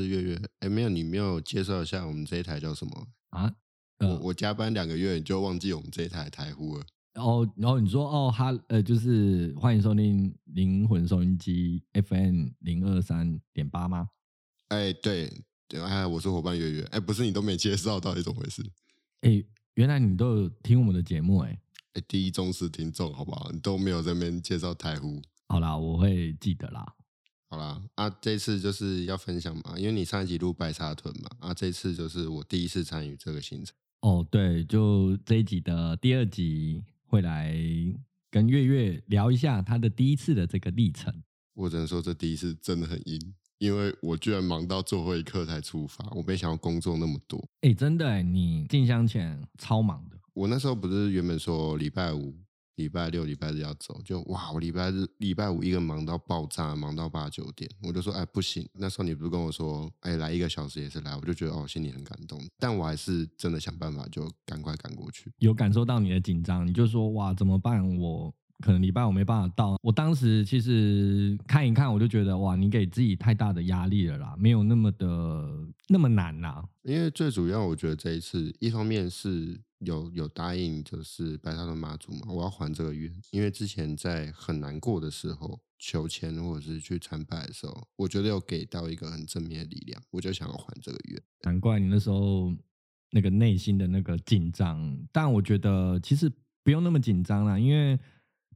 是月月，哎、欸，沒有，你沒有介紹一下我們這一台叫什麼啊？呃、我我加班兩個月，你就忘記我們這一台台呼了、哦？然、哦、後，然後你說哦，哈，呃，就是歡迎收聽靈魂收音機 FM 零三二三點八嗎？哎、欸，對，另外、啊，我是夥伴月月，哎、欸，不是，你都沒介紹，到底怎麼回事？哎、欸，原來你都有聽我們的節目、欸，哎，哎，第一忠實聽眾，好不好？你都沒有這邊介紹台呼，好啦，我會記得啦。好啦，啊，這次就是要分享嘛，因為你上一集錄白沙屯嘛，啊，這次就是我第一次參與這個行程。哦，對，就這一集的第二集會來跟月月聊一下她的第一次的這個歷程。我只能說這第一次真的很硬，因為我居然忙到最後一刻才出發，我沒想到工作那麼多。哎，真的誒，你進香前超忙的。我那時候不是原本說禮拜五。禮拜六、禮拜日要走，就哇！我禮拜日、禮拜五一個忙到爆炸，忙到八九點，我就說哎，不行。那時候你不是跟我說哎，來一個小時也是來，我就覺得哦心裡很感動，但我還是真的想辦法就趕快趕過去。有感受到你的緊張，你就說哇怎麼辦？我可能禮拜五沒辦法到。我當時其實看一看，我就覺得哇，你給自己太大的壓力了啦，沒有那麼的那麼難啦，啊。因為最主要，我覺得這一次一方面是。有有答應就是拜他的媽祖嘛，我要還這個願。因為之前在很難過的時候求籤或者是去參拜的時候，我覺得有給到一個很正面的力量，我就想要還這個願。難怪你那時候那個內心的那個緊張，但我覺得其實不用那麼緊張啦，因為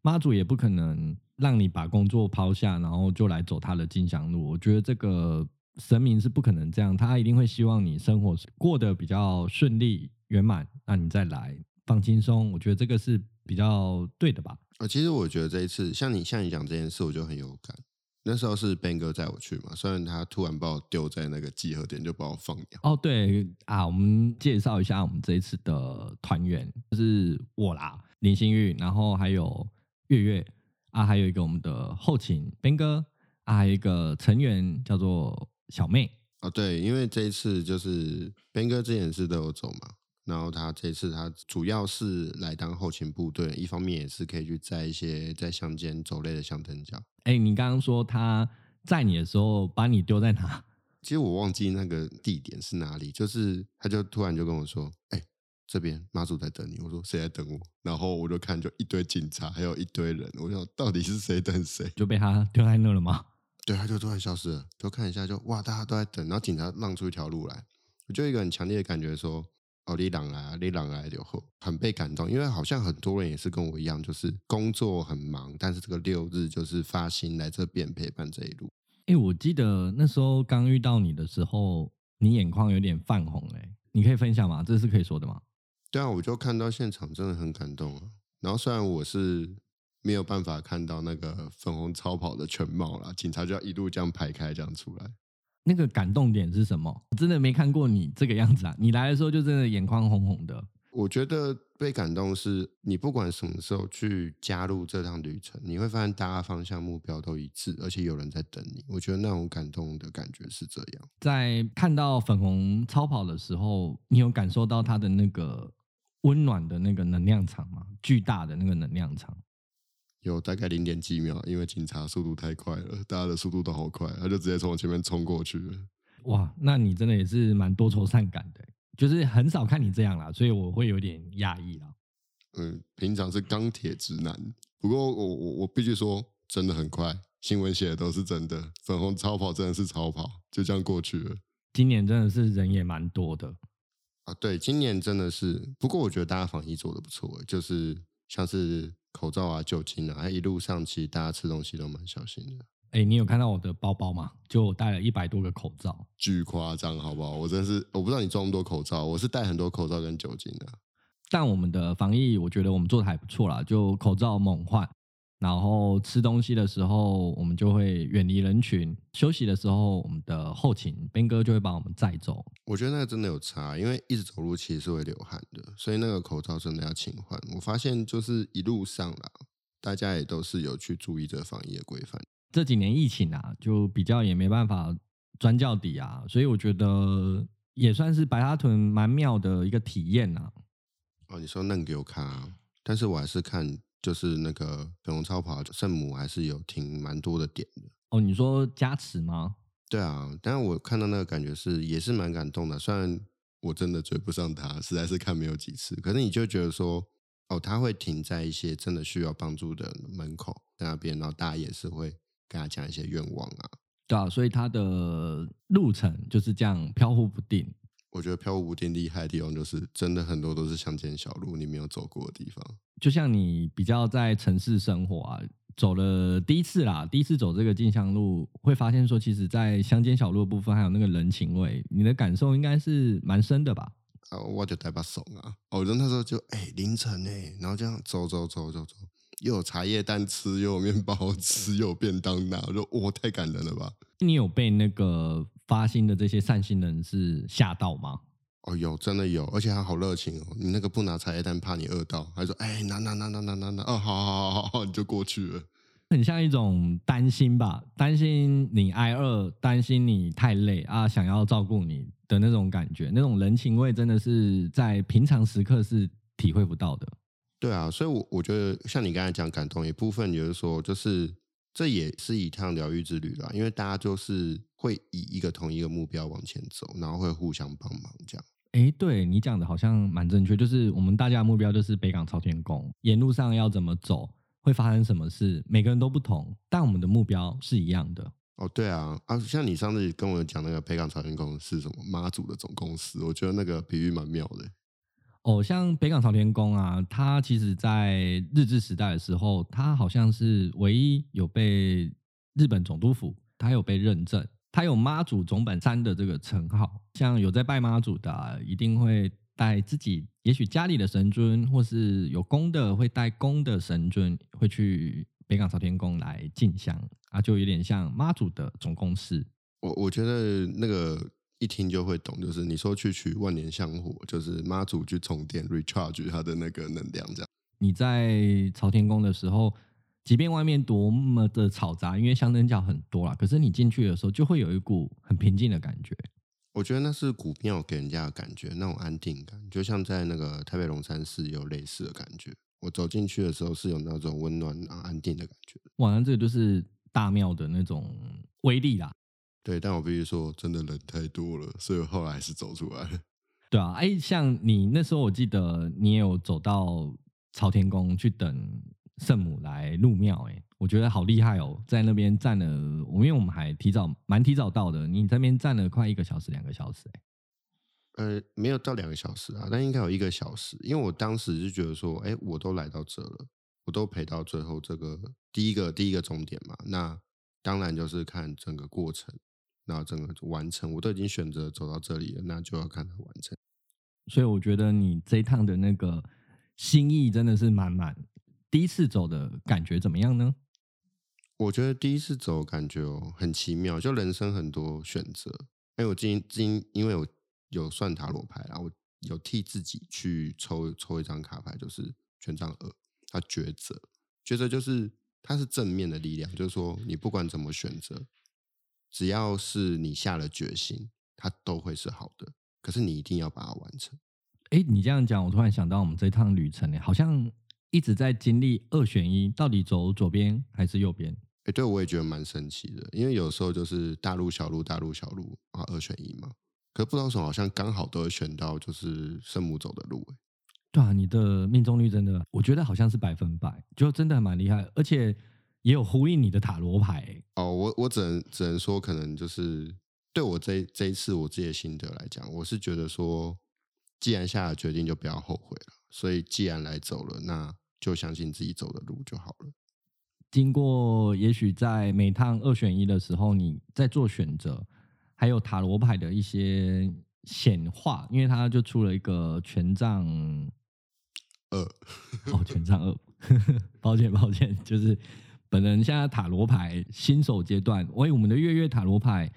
媽祖也不可能讓你把工作拋下，然後就來走他的進香路。我覺得這個神明是不可能這樣，他一定會希望你生活過得比較順利，圓滿，那你再來放輕鬆，我覺得這個是比較對的吧。啊、哦，其實我覺得這一次像你像你講這件事，我就很有感。那時候是 Ben 哥載我去嘛，雖然他突然把我丟在那個集合點，就把我放掉。哦，對啊，我們介紹一下我們這一次的團員，就是我啦，林興裕，然後還有月月啊，還有一個我們的後勤 Ben 哥啊，還有一個成員叫做小妹。啊、哦，對，因為這一次就是 Ben 哥這件事都有走嘛。然後他這次他主要是來當後勤部隊，一方面也是可以去載一些在鄉間走累的香燈腳。哎、欸，你剛剛說他載你的時候把你丟在哪？其實我忘記那個地點是哪裡，就是他就突然就跟我說：“哎、欸，這邊媽祖在等你。”我說：“誰在等我？”然後我就看，就一堆警察，還有一堆人，我就到底是誰等誰？就被他丟在那了嗎？對，他就突然消失了。就看一下就，就哇，大家都在等，然後警察讓出一條路來，我就一個很強烈的感覺說，哦，李朗來啊，李朗來啊，就很被感動，因為好像很多人也是跟我一樣，就是工作很忙，但是這個六日就是發心來這邊陪伴這一路。哎、欸，我記得那時候剛遇到你的時候，你眼眶有點泛紅，哎，你可以分享嗎？這是可以說的嗎？對啊，我就看到現場真的很感動啊。然後雖然我是沒有辦法看到那個粉紅超跑的全貌啦，警察就要一路這樣排開，這樣出來。那個感動點是什麼？我真的沒看過你這個樣子啊！你來的時候就真的眼眶紅紅的。我覺得被感動是你不管什麼時候去加入這趟旅程，你會發現大家方向目標都一致，而且有人在等你。我覺得那種感動的感覺是這樣。在看到粉紅超跑的時候，你有感受到它的那個溫暖的那個能量場嗎？巨大的那個能量場。有大概零點幾秒，因為警察速度太快了，大家的速度都好快，他就直接從我前面衝過去了。哇，那你真的也是蠻多愁善感的，就是很少看你這樣啦，所以我會有點訝異啦。嗯，平常是鋼鐵直男，不過我我我必須說，真的很快，新聞寫的都是真的，粉紅超跑真的是超跑，就這樣過去了。今年真的是人也蠻多的啊，對，今年真的是，不過我覺得大家防疫做的不錯，就是像是。口罩啊，酒精啊，一路上其實大家吃東西都蠻小心的、啊。哎、欸，你有看到我的包包嗎？就我帶了一百多個口罩，巨誇張，好不好？我真是，我不知道你裝多口罩，我是帶很多口罩跟酒精的、啊。但我們的防疫，我覺得我們做的還不錯啦，就口罩猛換。然後吃東西的時候，我們就會遠離人群；休息的時候，我們的後勤 Ben 哥就會把我們載走。我覺得那個真的有差，因為一直走路其實是會流汗的，所以那個口罩真的要勤換。我發現就是一路上啦，大家也都是有去注意這個防疫的規範。這幾年疫情啊，就比較也沒辦法鑽轎底啊，所以我覺得也算是白沙屯蠻妙的一個體驗吶、啊。哦，你說嫩給我看、啊，但是我還是看。就是那個粉紅超跑聖母還是有停蠻多的點的。哦，你說加持嗎？對啊，但是我看到那個感覺是也是蠻感動的，雖然我真的追不上他，實在是看沒有幾次，可是你就覺得說，哦，他會停在一些真的需要幫助的門口在那邊，然後大家也是會跟他講一些願望啊。對啊，所以他的路程就是這樣飄忽不定。我覺得飄忽不定厲害的地方就是，真的很多都是鄉間小路，你沒有走過的地方。就像你比較在城市生活啊，走了第一次啦，第一次走這個進香路，會發現說，其實，在鄉間小路的部分還有那個人情味，你的感受應該是蠻深的吧？啊，我就帶把手啊！哦，然後那時候就，哎、欸，凌晨哎、欸，然後這樣走走走走走，又有茶葉蛋吃，又有麵包吃，又有便當拿、啊，我說哇，太感人了吧！你有被那個？發心的這些善心人是嚇到嗎？哦，有真的有，而且他好熱情哦！你那個不拿茶葉蛋怕你餓到，還說哎拿、欸、拿拿拿拿拿拿，哦好好好好好，你就過去了。很像一種擔心吧，擔心你挨餓，擔心你太累啊，想要照顧你的那種感覺，那種人情味真的是在平常時刻是體會不到的。對啊，所以我，我我覺得像你剛才講感動一部分，就是說，就是這也是一趟療癒之旅啦，因為大家就是。會以一個同一個目標往前走，然後會互相幫忙，這樣。哎，對，你講的好像蠻正確，就是我們大家的目標就是北港朝天宮，沿路上要怎麼走，會發生什麼事，每個人都不同，但我們的目標是一樣的。哦，對啊，啊，像你上次跟我講那個北港朝天宮是什麼媽祖的總公司，我覺得那個比喻蠻妙的。哦，像北港朝天宮啊，它其實在日治時代的時候，它好像是唯一有被日本總督府，它有被認證。他有媽祖總本山的這個稱號，像有在拜媽祖的、啊，一定會帶自己，也許家裡的神尊，或是有公的會帶公的神尊，會去北港朝天宮來進香啊，就有點像媽祖的總公司。我我覺得那個一聽就會懂，就是你說去取萬年香火，就是媽祖去充電 recharge 他的那個能量，這樣你在朝天宮的時候。即便外面多麼的嘈雜，因為香燈腳很多啦，可是你進去的時候就會有一股很平靜的感覺。我覺得那是古廟給人家的感覺，那種安定感，就像在那個台北龍山寺有類似的感覺。我走進去的時候是有那種溫暖啊、安定的感覺。哇，那這個就是大廟的那種威力啦。對，但我必須說，真的人太多了，所以我後來還是走出來。對啊，哎、欸，像你那時候，我記得你也有走到朝天宮去等。聖母來入廟，哎，我覺得好厲害哦！在那邊站了，我因為我們還提早蠻提早到的，你在那邊站了快一個小時、兩個小時，呃，沒有到兩個小時啊，但應該有一個小時。因為我當時就覺得說，哎，我都來到這了，我都陪到最後這個第一個第一個終點嘛，那當然就是看整個過程，然後整個完成，我都已經選擇走到這裡了，那就要看它完成。所以我覺得你這一趟的那個心意真的是滿滿。第一次走的感覺怎麼樣呢？我覺得第一次走感覺很奇妙，就人生很多選擇。哎、欸，我今今因為我有算塔羅牌，然後有替自己去抽抽一張卡牌，就是權杖二，它抉擇。抉擇就是它是正面的力量、嗯，就是說你不管怎麼選擇，只要是你下了決心，它都會是好的。可是你一定要把它完成。哎、欸，你這樣講，我突然想到我們這一趟旅程，哎，好像。一直在經歷二選一，到底走左邊還是右邊？哎、欸，對，我也覺得蠻神奇的，因為有時候就是大路小路，大路小路啊，二選一嘛。可是不知道什麼，好像剛好都會選到就是聖母走的路，哎，對啊，你的命中率真的，我覺得好像是百分百，就真的蠻厲害，而且也有呼應你的塔羅牌哦。我我只能只能說，可能就是對我這這一次我自己的心得來講，我是覺得說，既然下了決定，就不要後悔了。所以既然來走了，那就相信自己走的路就好了。經過，也許在每趟二選一的時候，你在做選擇，還有塔羅牌的一些顯化，因為它就出了一個權杖二、呃，哦，權杖二， 抱歉，抱歉，就是本人現在塔羅牌新手階段。哎，我們的月月塔羅牌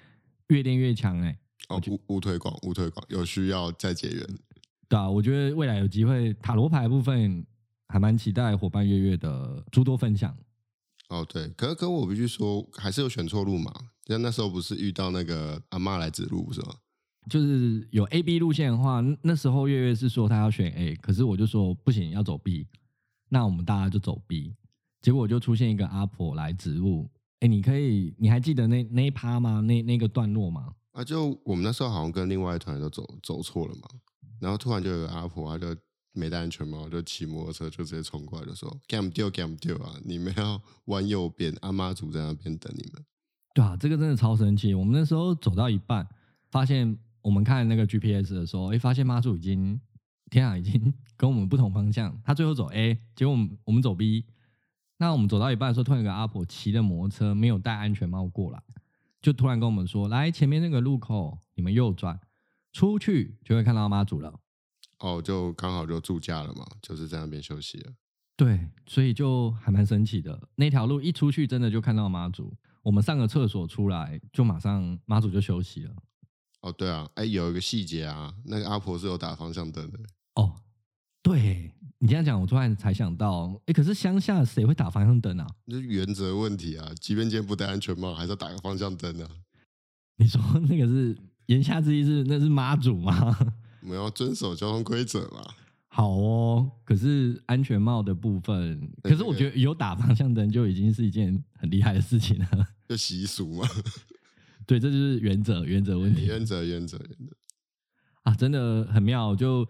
越練越強、欸，哎，哦，不，不推廣，不推廣，有需要再結緣。對啊，我覺得未來有機會塔羅牌部分。還蠻期待夥伴月月的諸多分享哦，對，可是可我必須說，還是有選錯路嘛。像那時候不是遇到那個阿媽來指路是嗎？就是有 A、B 路線的話，那時候月月是說她要選 A，可是我就說不行，要走 B。那我們大家就走 B，結果就出現一個阿婆來指路。哎，你可以，你還記得那那一趴嗎？那那個段落嗎？啊，就我們那時候好像跟另外一團人都走走錯了嘛，然後突然就有個阿婆，她、啊、就。沒戴安全帽，就騎摩托車就直接衝過來，就說 “Game 掉 Game 掉啊！你們要往右邊，阿媽祖在那邊等你們。”對啊，這個真的超神奇，我們那時候走到一半，發現我們看那個 GPS 的時候，哎，發現媽祖已經……天啊，已經跟我們不同方向。他最後走 A，結果我們我們走 B。那我們走到一半的時候，突然有個阿婆騎着摩托車沒有戴安全帽過來，就突然跟我們說：“來，前面那個路口，你們右轉出去，就會看到阿媽祖了。”哦，就剛好就駐駕了嘛，就是在那邊休息了。對，所以就還蠻神奇的。那條路一出去，真的就看到媽祖。我們上個廁所出來，就馬上媽祖就休息了。哦，對啊，哎、欸，有一個細節啊，那個阿婆是有打方向燈的。哦，對，你這樣講，我突然才想到，哎、欸，可是鄉下誰會打方向燈啊？那是原則問題啊，即便今天不戴安全帽，還是要打個方向燈啊。你說那個是，言下之意是，那是媽祖嗎？ 我們要遵守交通規則嘛？好哦，可是安全帽的部分，欸欸，可是我覺得有打方向燈就已經是一件很厲害的事情了。就習俗嘛， 對，這就是原則，原則問題，欸、原則，原則，原則啊，真的很妙。就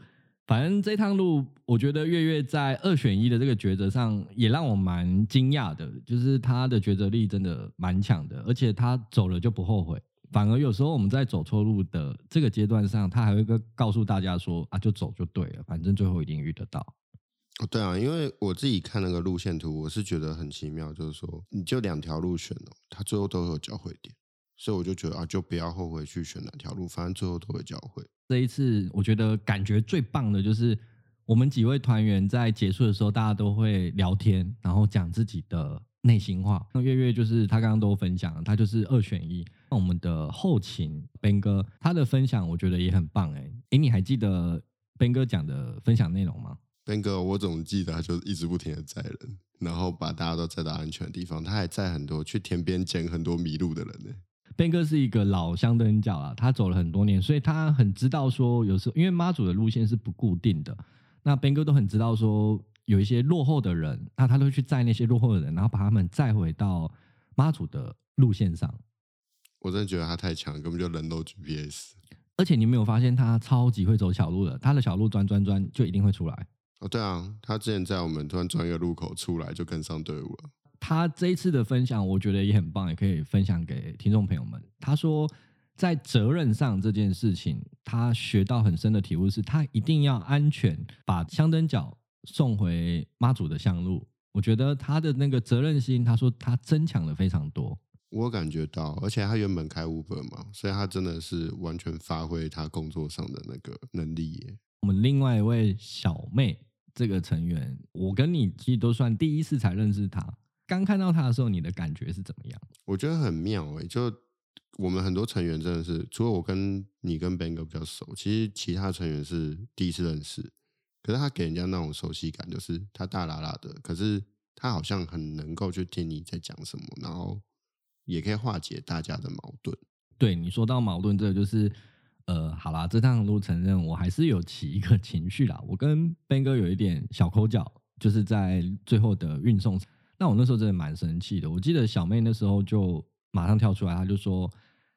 反正這一趟路，我覺得月月在二選一的這個抉擇上，也讓我蠻驚訝的，就是他的抉擇力真的蠻強的，而且他走了就不後悔。反而有時候我們在走錯路的這個階段上，他還會一個告訴大家說啊，就走就對了，反正最後一定遇得到。對啊，因為我自己看那個路線圖，我是覺得很奇妙，就是說你就兩條路選的，它最後都有交匯點，所以我就覺得啊，就不要後悔去選哪條路，反正最後都會交匯。這一次我覺得感覺最棒的就是我們幾位團員在結束的時候，大家都會聊天，然後講自己的。內心話，那月月就是他剛剛都分享了，他就是二選一。那我們的後勤 Ben 哥，他的分享我覺得也很棒哎。哎，你還記得 Ben 哥講的分享內容嗎？Ben 哥，我總記得他就一直不停的載人，然後把大家都載到安全的地方。他還載很多去田邊撿很多迷路的人呢。Ben 哥是一個老香燈腳啊，他走了很多年，所以他很知道說，有時候因為媽祖的路線是不固定的，那 Ben 哥都很知道說。有一些落後的人，那他都會去載那些落後的人，然後把他們載回到媽祖的路線上。我真的覺得他太強，根本就人都 GPS。而且你沒有發現他超級會走小路的，他的小路轉轉轉，就一定會出來。哦，對啊，他之前在我們突然轉一個路口出來，就跟上隊伍了。他這一次的分享，我覺得也很棒，也可以分享給聽眾朋友們。他說，在責任上這件事情，他學到很深的體悟是，他一定要安全，把香燈腳，送回媽祖的香路，我覺得她的那個責任心，她說她增強了非常多。我感覺到，而且她原本開 Uber 嘛，所以她真的是完全發揮她工作上的那個能力耶。我們另外一位小妹這個成員，我跟你其實都算第一次才認識她。剛看到她的時候，你的感覺是怎麼樣？我覺得很妙哎、欸，就我們很多成員真的是，除了我跟你跟 Ben 哥比較熟，其實其他成員是第一次認識。可是他給人家那種熟悉感，就是他大喇喇的，可是他好像很能夠去聽你在講什麼，然後也可以化解大家的矛盾。對，你說到矛盾這個，就是呃，好啦，這趟路承認我還是有起一個情緒啦。我跟 Ben 哥有一點小口角，就是在最後的運送，那我那時候真的蠻生氣的。我記得小妹那時候就馬上跳出來，他就說。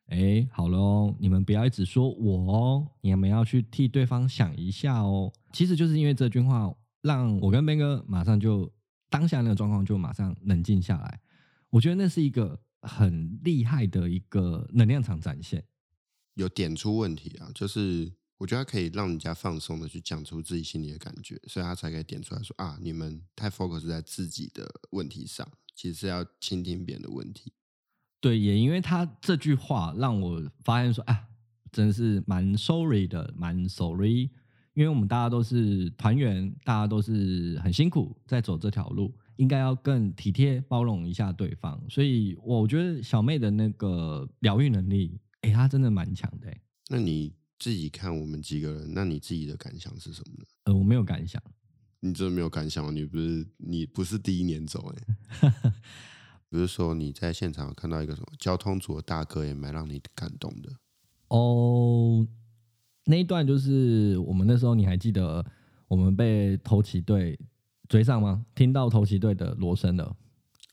哎、欸，好嘍、喔，你們不要一直說我哦、喔，你們要去替對方想一下哦、喔。其實就是因為這句話，讓我跟 Ben 哥馬上就當下那個狀況就馬上冷靜下來。我覺得那是一個很厲害的一個能量場展現，有點出問題啊。就是我覺得他可以讓人家放鬆的去講出自己心裡的感覺，所以他才可以點出來說啊，你們太 focus 在自己的問題上，其實是要傾聽別人的問題。對，也因為他這句話讓我發現說啊、哎，真是蠻 sorry 的，蠻 sorry。因為我們大家都是團員，大家都是很辛苦在走這條路，應該要更體貼包容一下對方。所以我覺得小妹的那個療癒能力，哎，她真的蠻強的。那你自己看我們幾個人，那你自己的感想是什麼呢？呃，我沒有感想。你真的沒有感想？你不是，你不是第一年走耶 比如說你在現場看到一個什麼交通組的大哥也蠻讓你感動的哦，oh, 那一段就是我們那時候你還記得我們被頭旗隊追上嗎？聽到頭旗隊的鑼聲了？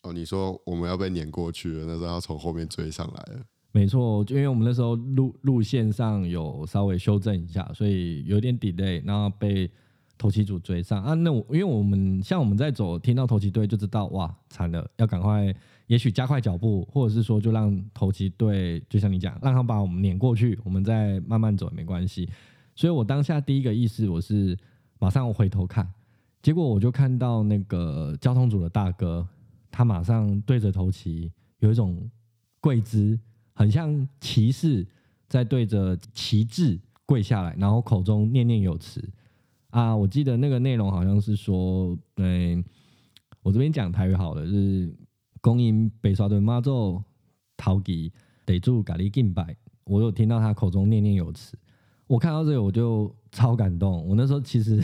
哦，oh，你說我們要被攆過去了，那時候要從後面追上來了。沒錯，就因為我們那時候路路線上有稍微修正一下，所以有點 delay，然後被。頭旗組追上啊！那我因為我們像我們在走，聽到頭旗隊就知道哇，慘了，要趕快，也許加快腳步，或者是說就讓頭旗隊，就像你講，讓他把我們攆過去，我們再慢慢走也沒關係。所以我當下第一個意識我是馬上回頭看，結果我就看到那個交通組的大哥，他馬上對着頭旗有一種跪姿，很像騎士在對着旗幟跪下來，然後口中念念有詞。啊，我記得那個內容好像是說，嗯、欸，我這邊講台語好了，就是恭迎白沙屯媽祖頭旗，得住咖喱，敬拜。我有聽到他口中念念有詞，我看到這個我就超感動。我那時候其實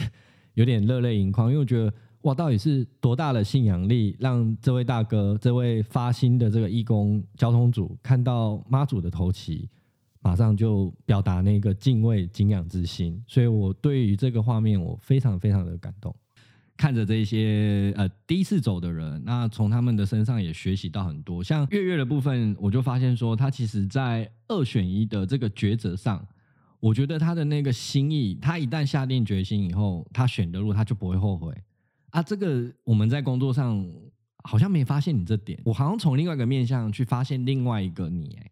有點熱淚盈眶，因為我覺得哇，到底是多大的信仰力，讓這位大哥、這位發心的這個義工交通組看到媽祖的頭旗馬上就表達那個敬畏敬仰之心，所以我對於這個畫面我非常非常的感動。看着這些呃第一次走的人，那從他們的身上也學習到很多。像月月的部分，我就發現說，他其實在二選一的這個抉擇上，我覺得他的那個心意，他一旦下定決心以後，他選的路他就不會後悔啊。這個我們在工作上好像沒發現你這點，我好像從另外一個面向去發現另外一個你哎、欸。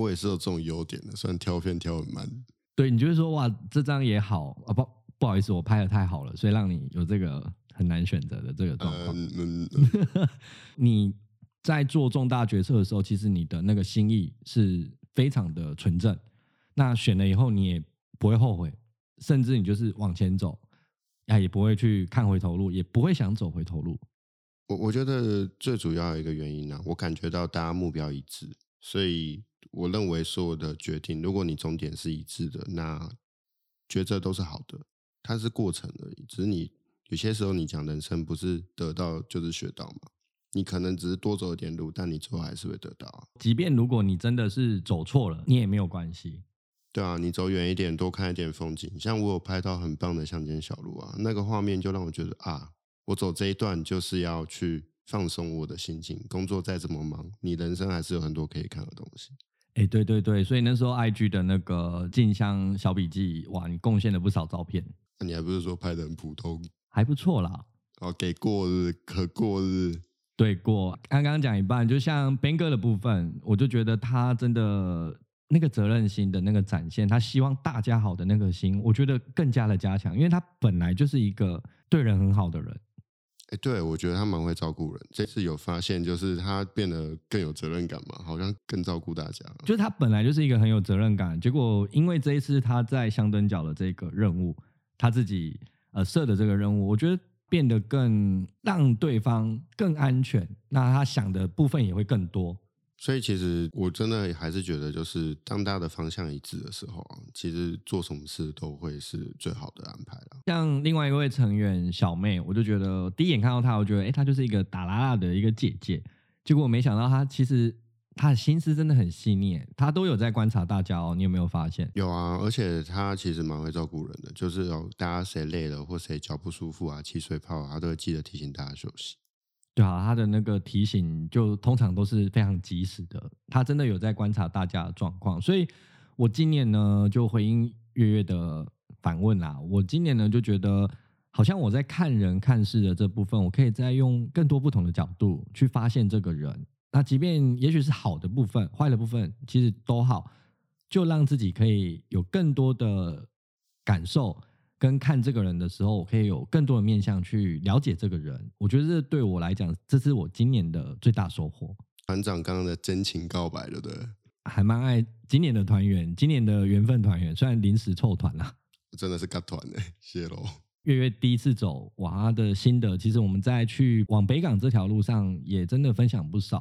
我也是有這種優點的，雖然挑片挑的蠻……對，你就是說哇，這張也好啊，不不好意思，我拍得太好了，所以讓你有這個很難選擇的這個狀況。嗯嗯嗯、 你在做重大決策的時候，其實你的那個心意是非常的純正。那選了以後，你也不會後悔，甚至你就是往前走，啊，也不會去看回頭路，也不會想走回頭路。我我覺得最主要的一個原因呢，、啊，我感覺到大家目標一致，所以。我認為所有的決定，如果你終點是一致的，那抉擇都是好的。它是過程而已，只是你有些時候你講人生不是得到就是學到嘛。你可能只是多走一點路，但你最後還是會得到。即便如果你真的是走錯了，你也沒有關係。對啊，你走遠一點，多看一點風景。像我有拍到很棒的鄉間小路啊，那個畫面就讓我覺得啊，我走這一段就是要去放鬆我的心情，工作再怎麼忙，你人生還是有很多可以看的東西。誒、欸，對對對，所以那時候 IG 的那個進香小筆記，哇，你貢獻了不少照片。你還不是說拍的很普通？還不錯啦。哦，給過日，可過日。對過，剛剛講一半，就像 Ben 哥的部分，我就覺得他真的那個責任心的那個展現，他希望大家好的那個心，我覺得更加的加強，因為他本來就是一個對人很好的人。哎、欸，對，我覺得他蠻會照顧人。這次有發現，就是他變得更有責任感嘛，好像更照顧大家。就是他本來就是一個很有責任感，結果因為這一次他在香燈腳的這個任務，他自己呃設的這個任務，我覺得變得更讓對方更安全。那他想的部分也會更多。所以其實我真的還是覺得，就是當大家的方向一致的時候啊，其實做什麼事都會是最好的安排了啊。像另外一位成員小妹，我就覺得第一眼看到她，我覺得誒，她就是一個大剌剌的一個姐姐。結果我沒想到她其實她的心思真的很細膩，她都有在觀察大家哦。你有沒有發現？有啊，而且她其實蠻會照顧人的，就是有大家誰累了或誰腳不舒服啊、起水泡啊，都會記得提醒大家休息。對啊，他的那個提醒就通常都是非常及時的，他真的有在觀察大家的狀況。所以我今年呢，就回應月月的反問啦。我今年呢，就覺得好像我在看人看事的這部分，我可以再用更多不同的角度去發現這個人。那即便也許是好的部分、壞的部分，其實都好，就讓自己可以有更多的感受。跟看這個人的時候，我可以有更多的面向去了解這個人。我覺得這對我來講，這是我今年的最大收穫。團長剛剛的真情告白對不對？還蠻愛今年的團員，今年的緣分團員，雖然臨時湊團了啊，我真的是尬團哎，謝嘍。月月第一次走，哇，他的心得其實我們在去往北港這條路上也真的分享不少，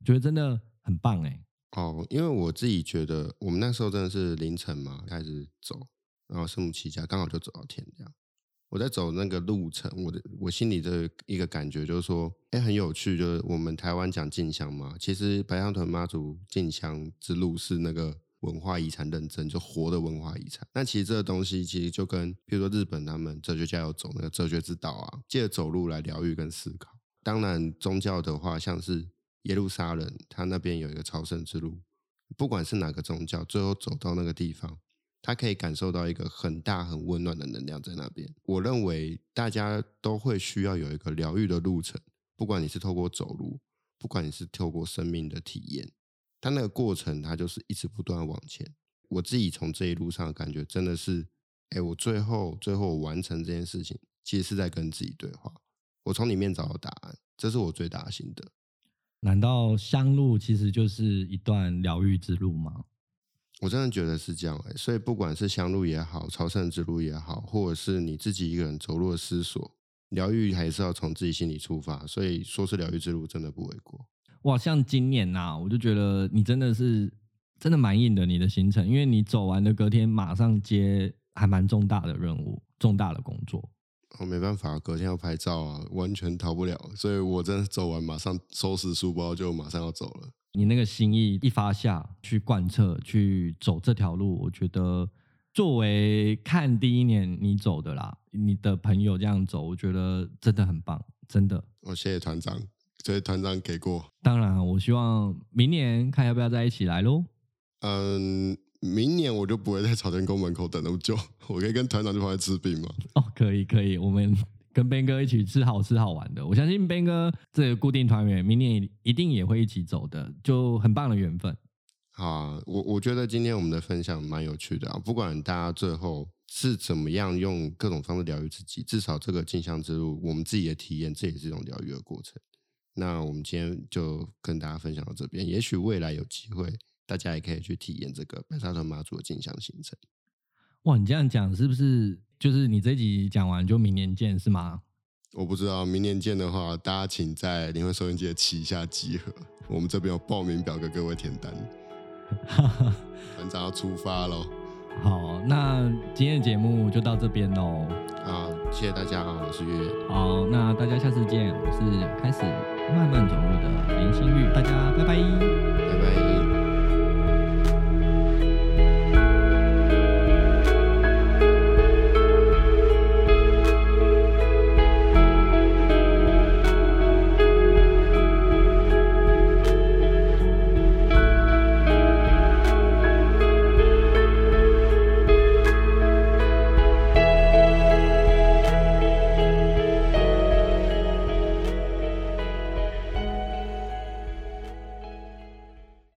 我覺得真的很棒哎。哦，因為我自己覺得我們那時候真的是凌晨嘛開始走。然後聖母起駕剛好就走到天亮，我在走那個路程，我的我心裡的一個感覺就是說，哎，很有趣，就是我們台灣講進香嘛，其實白沙屯媽祖進香之路是那個文化遺產認證，就活的文化遺產。那其實這個東西其實就跟，比如說日本他們哲學家要走那個哲學之道啊，借著走路來療癒跟思考。當然宗教的話，像是耶路撒冷，他那邊有一個朝聖之路，不管是哪個宗教，最後走到那個地方。他可以感受到一個很大很溫暖的能量在那邊。我認為大家都會需要有一個療癒的路程，不管你是透過走路，不管你是透過生命的體驗，但那個過程它就是一直不斷往前。我自己從這一路上的感覺真的是，哎，我最後最後完成這件事情，其實是在跟自己對話，我從裡面找到答案，這是我最大的心得。難道香路其實就是一段療癒之路嗎？我真的覺得是這樣，欸、所以不管是香路也好，朝聖之路也好，或者是你自己一個人走路思索療癒，療還是要從自己心裡出發。所以說是療癒之路，真的不為過。哇，像今年吶，啊，我就覺得你真的是真的蠻硬的，你的行程，因為你走完的隔天馬上接還蠻重大的任務，重大的工作。我沒辦法，隔天要拍照啊，完全逃不了，所以我真的走完馬上收拾書包就馬上要走了。你那個心意一發下去，貫徹去走這條路，我覺得作為看第一年你走的啦，你的朋友這樣走，我覺得真的很棒，真的。我、哦、謝謝團長，所以團長給過。當然，我希望明年看要不要再一起來嘍。嗯。明年我就不會在朝天宮門口等那麼久，我可以跟團長去旁邊吃餅嗎？哦，oh, 可以，可以，我們跟 Ben 哥一起吃好吃好玩的。我相信 Ben 哥這個固定團員，明年一定也會一起走的，就很棒的緣分。好啊，我我覺得今天我們的分享蠻有趣的啊，不管大家最後是怎麼樣用各種方式療癒自己，至少這個進香之路，我們自己的體驗，這也是一種療癒的過程。那我們今天就跟大家分享到這邊，也許未來有機會。大家也可以去體驗這個白沙屯媽祖的進香行程。哇，你這樣講是不是就是你這一集講完就明年見，是嗎？我不知道明年見的話，大家請在靈魂收音機的旗下集合。我們這邊有報名表格，各位填單。很 早要出發嘍。 好，那今天的節目就到這邊嘍。啊，謝謝大家，我是月月。好，那大家下次見，我是開始慢慢走路的林興裕，大家拜拜，拜拜。